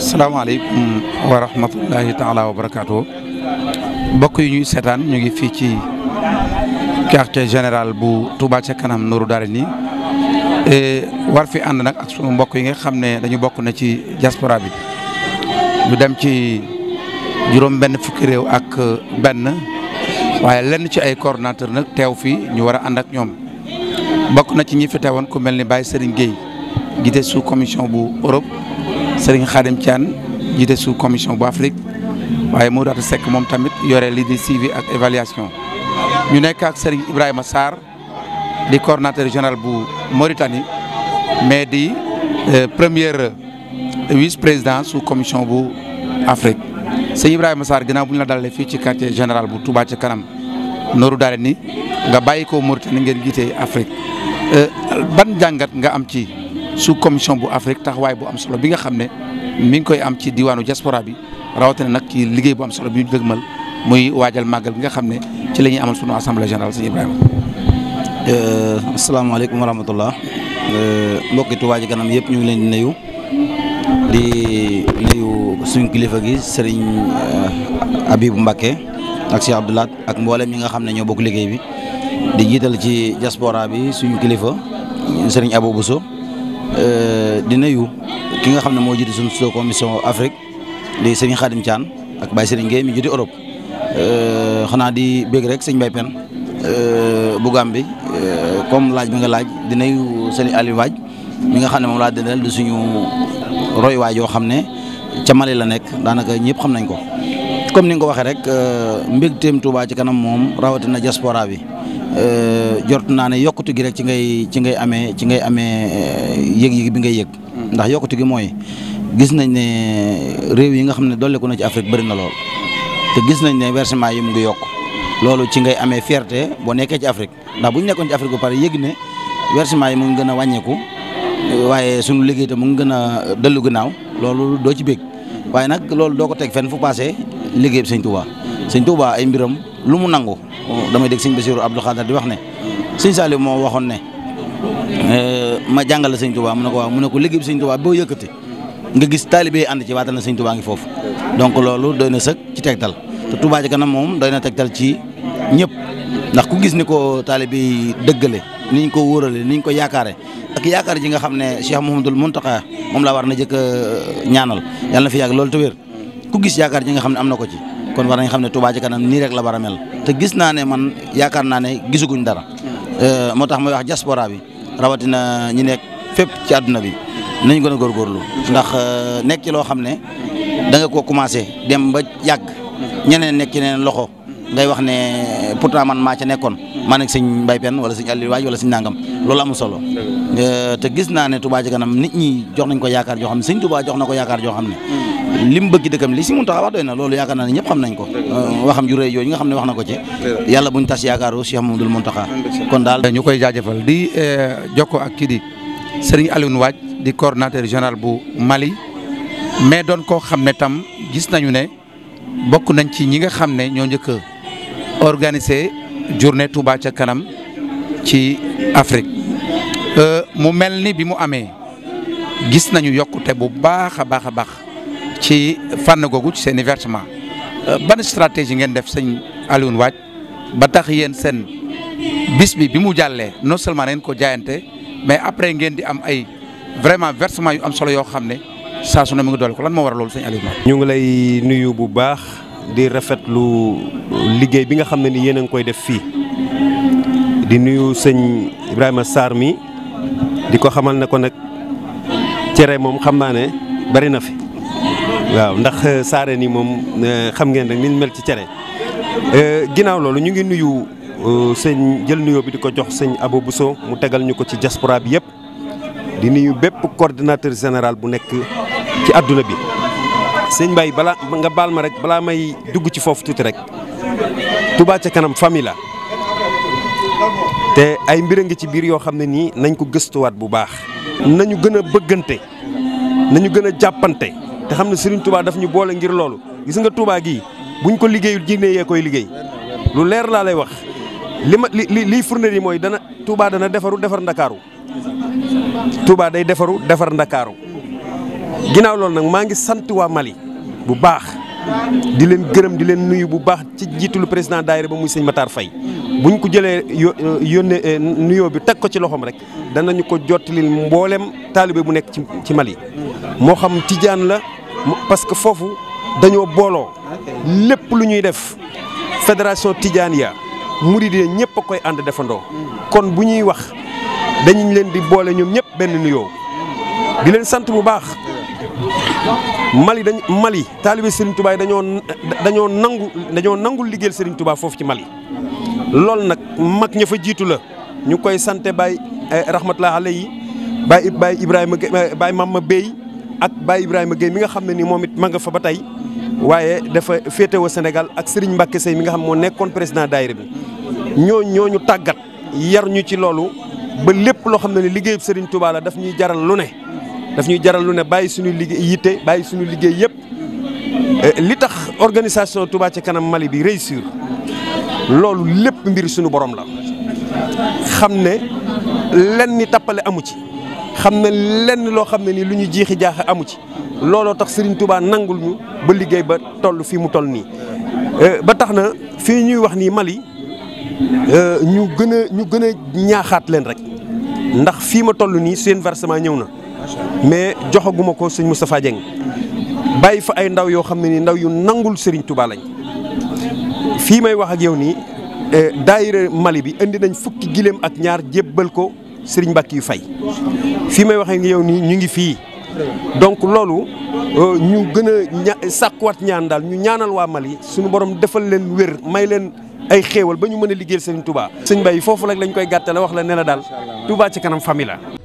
salaamaaleykum wa rahmatullahi taala wa barakaatu mbokk yi ñuy seetaan ñu ngi fii ci quartier général bu Touba ca kanam Nourou Darayni e, war fi ànd nag ak sunu mbokk yi nga xam ne dañu bokk na ci diaspora bi ñu dem ci juróom benn fukki réew ak benn waaye lenn ci ay coordonnateur nag teew fii ñu war a ànd ak ñoom bokk na ci ñi fi teewoon ku mel ni Baye Serigne Gueye gite sous commission bu Europe Serigne Khadim Thian jiite sous commission bu Afrique waaye moo Mourata sekk moom tamit yore lii di suivi ak évaluation ñu nekk ak Serigne Ibrahima Sarr di coordonnateur général bu Mauritanie mais di euh, première euh, vice président sous commission bu Afrique sëñ Ibrahima Sarr ginnaaw bu ñu la dalalee fii ci quartier général bu Touba ca kanam nooru daale ni nga bàyyi ko Mauritanie ngeen jiite Afrique euh, ban jàngat nga am ci. sous commission bu Afrique taxawaay bu am solo bi nga xam ne mi ngi koy am ci diwaanu diaspora bi rawatina nag ci liggéey bu am solo bi ñu dëgmal muy waajal màggal bi nga xam ne ci la ñuy amal sunu assemblée générale sëñ Ibrahima. Euh, asalaamaaleykum wa rahmatullah euh, mbokki Touba yëpp ñu ngi leen di nuyu di nuyu suñ kilifa gi sëriñ euh, Habib Mbacké ak Cheikh Abdoulaat ak mboolem ñi nga xam ne ñoo bokk liggéey bi di jiital ci jasporaa bi suñu kilifa sëriñ Abou so Euh, di nuyu ki nga xam ne moo jiite suñu sous commission Afrique di sëñ Xaadim Thian ak Baye Serigne Gueye mi jiite Europe euh, xanaa di bëgg rek sëñ Baye Pen euh, bu Gàmbi comme laaj bi nga laaj di nuyu sëñ Aliou Waaj mi nga xam ne moom laa dendal di suñu roy waay xam ne ca Mali la nekk daanaka ñëpp xam nañ ko comme ni nga ko waxee rek mbégteem Touba ci kanam moom rawatina diaspora bi Euh, jort naa ne yokkute gi rek ci ngay ci ngay amee ci ngay amee euh, yëg-yëg bi ngay yëg. Hmm. ndax yokkute gi mooy gis nañ ne réew yi nga xam ne dolliku na ci Afrique bëri na lool te nañ ne versement yi mu ngi yokk loolu ci ngay amee fierté boo nekkee ci Afrique ndax bu ñu nekkoon ci Afrique ba pare yëg ne versement yi mu ngi gën a wàññeeku waaye suñu liggéey te mu ngi gën a dellu ginnaaw loolu doo ci bég waaye nag loolu doo ko teg fen fu paase liggéey bi sëñ Touba sëñ Touba ay mbiram. lu mu nangu damay dégg sëñ Basiru Abdou Khadir di wax ne sëñ Saliou moo waxoon ne eh, ma jàngale sëñ Touba mu ne ko waaw mu ne ko liggéey bi sëñ Touba boo yëkkati nga gis taalibe ànd ci waatal na sëñ ngi foofu donc loolu doy na sëkk ci tegtal te Touba ci kanam moom doy na tegtal ci ñëpp ndax ku gis ni ko taalibe yi dëggale ni ñu ko wóorale ni ñu ko yaakaare ak yaakaar ji nga xam ne Cheikh Mouhamadoul Mountakha moom laa war na jëkk eh, ñaanal yàlla na ak loolu te wér ku gis yaakaar ji nga xam ne am na ko ci kon war nañ xam ne Touba ci kanam nii rek la war te gis naa ne man yaakaar naa ne gisaguñ dara hmm. euh, moo tax may wax diaspora bi rawatina ñi nekk fépp ci àdduna bi nañ gën a góorgóorlu ndax euh, nekk ci loo xam ne da nga koo commencé dem ba yàgg ñeneen nekk ci neen loxo ngay wax ne pourtant man maa nekkoon maa nekk sëñ Mbaye Pène wala sëñ Aliou Waaj wala sëñ Nangam loolu amul solo euh, te gis naa ne Touba ci kanam nit ñi jox nañ ko yaakaar joo xam ne sëñ Touba jox na ko yaakaar joo xam ne hmm. li mu bëgg dëkkam li si mun taxa wax doy na loolu yaakaar naa ne ñëpp xam nañ ko euh, waxam ju rëy yooyu nga xam ne wax na ko ci yàlla buñ tas yaakaaru Cheikh Mamadou Mountakha kon daal ñu koy jaajëfal di euh, jokko ak kii di Serigne Alioune di koordinateur général bu Mali mais doon koo xam ne tam gis nañu ne bokk nañ ci ñi nga xam ne ñoo njëkk a organiser journée Touba ca kanam ci Afrique euh, mu mel ni bi mu amee gis nañu yokkute bu baax a baax a baax ci fànn googu ci seen i versement euh, ban stratégie ngeen def sëñ Alioune Wathie ba tax yéen seen bis bi bi mu jàllee non seulement ngeen ko jaayante mais après ngeen di am ay vraiment versement yu am solo yoo xam ne saa su mu ngi doole ko lan moo waral loolu sëñ Alioune Wathie ñu ngi lay nuyu bu baax di rafet lu liggéey bi nga xam ne ni yéen a ngi koy def fii di nuyu sëñ Ibrahima Sarr mi di ko xamal ne ko nag cere moom xam naa ne bari na fi waaw ndax euh, saare ni moom euh, xam ngeen rek ni mel ci cere euh, ginnaaw loolu ñu ngi nuyu sëñ jël nuyoo bi di ko jox sëñ Abo Bousso mu tegal ñu ko ci diaspora bi yëpp di nuyu bépp coordinateur général bu nekk ci àdduna bi sëñ Mbaye balaa nga baal ma rek balaa may dugg ci foofu tuuti rek Touba ca kanam famille la te ay mbir a ngi ci biir yoo xam ne nii nañ ko gëstuwaat bu baax nañu gën a bëggante nañu gën a jàppante te xam ne Serigne Touba daf ñu boole ngir loolu gis nga Touba gii buñ ko liggéeyul jinne yee koy liggéey lu leer laa lay wax li ma li li liy fournir yi mooy dana tuubaa dana defaru defar ndakaaru Touba day defaru defar ndakaaru ginnaaw loolu nag maa ngi sant waa Mali bu baax di leen gërëm di leen nuyu bu baax ci jiitalu président daayira ba muy sëñ Matar Faye buñ ko jëlee yónnee eh, nuyoo bi teg ko ci loxoom rek danañu ko jottalil mbooleem taalibe bu nekk ci ci Mali moo xam tijaan la parce que foofu dañoo booloo lépp lu ñuy def fédération Tijaaniya Mouride ñëpp a koy ànd defandoo kon bu ñuy wax dañuñ leen di boole ñoom ñëpp benn nuyo di leen sant bu baax Mali dañ Mali taalibe Serigne Touba dañoo dañoo nangu dañoo nangul liggéeyal Serigne Touba foofu ci Mali loolu nag mag ña fa jiitu la ñu koy sante Baye eh, rahmatulah yi Baye Baye Ibrahima Gueye eh, Baye ma Bey ak Baye Ibrahima Gueye mi nga xam ne ni moom it ma nga fa ba tey waaye dafa féetewoo Sénégal ak Serigne Mbacke Seye mi nga xam moo nekkoon président daayira bi ñoo ñu tàggat yar ñu ci loolu ba lépp loo xam ne liggéeyub Serigne Touba la daf ñuy jaral lu ne daf ñuy jaral lu ne bàyyi suñu liggéey yitte bàyyi suñu liggéey yëpp eh, li tax organisation Touba ci kanam Mali bi réussir loolu lépp mbir suñu borom la xam ne lenn ni tappale amu ci xam ne lenn loo xam ne ni lu ñu jiixi jaaxe amu ci looloo tax Serigne Touba nangul ñu ba liggéey ba toll fii mu toll nii. Euh, ba tax na fii ñuy wax nii Mali euh, ñu gën a ñu gën a ñaaxaat leen rek ndax fii ma toll nii seen versement ñëw na mais joxaguma ko sëñ Moustapha Dieng bàyyi fa ay ndaw yoo xam ne nii ndaw yu nangul Serigne Touba lañ. fii may wax ak yow nii eh, daayira Mali bi indi nañ fukki giléem ak ñaar jébbal ko sëriñ Mbàkke yu fay fii may wax ak yow nii ñu ngi fii donc loolu euh, ñu gën a sàkkuwaat ñaan daal ñu ñaanal waa Mali suñu borom defal leen wér may leen ay xéewal ba ñu mën a liggéeyal sëriñ tubaa sëñ Baye foofu nag lañ koy gàttale wax la ne la daal Touba ci kanam famille la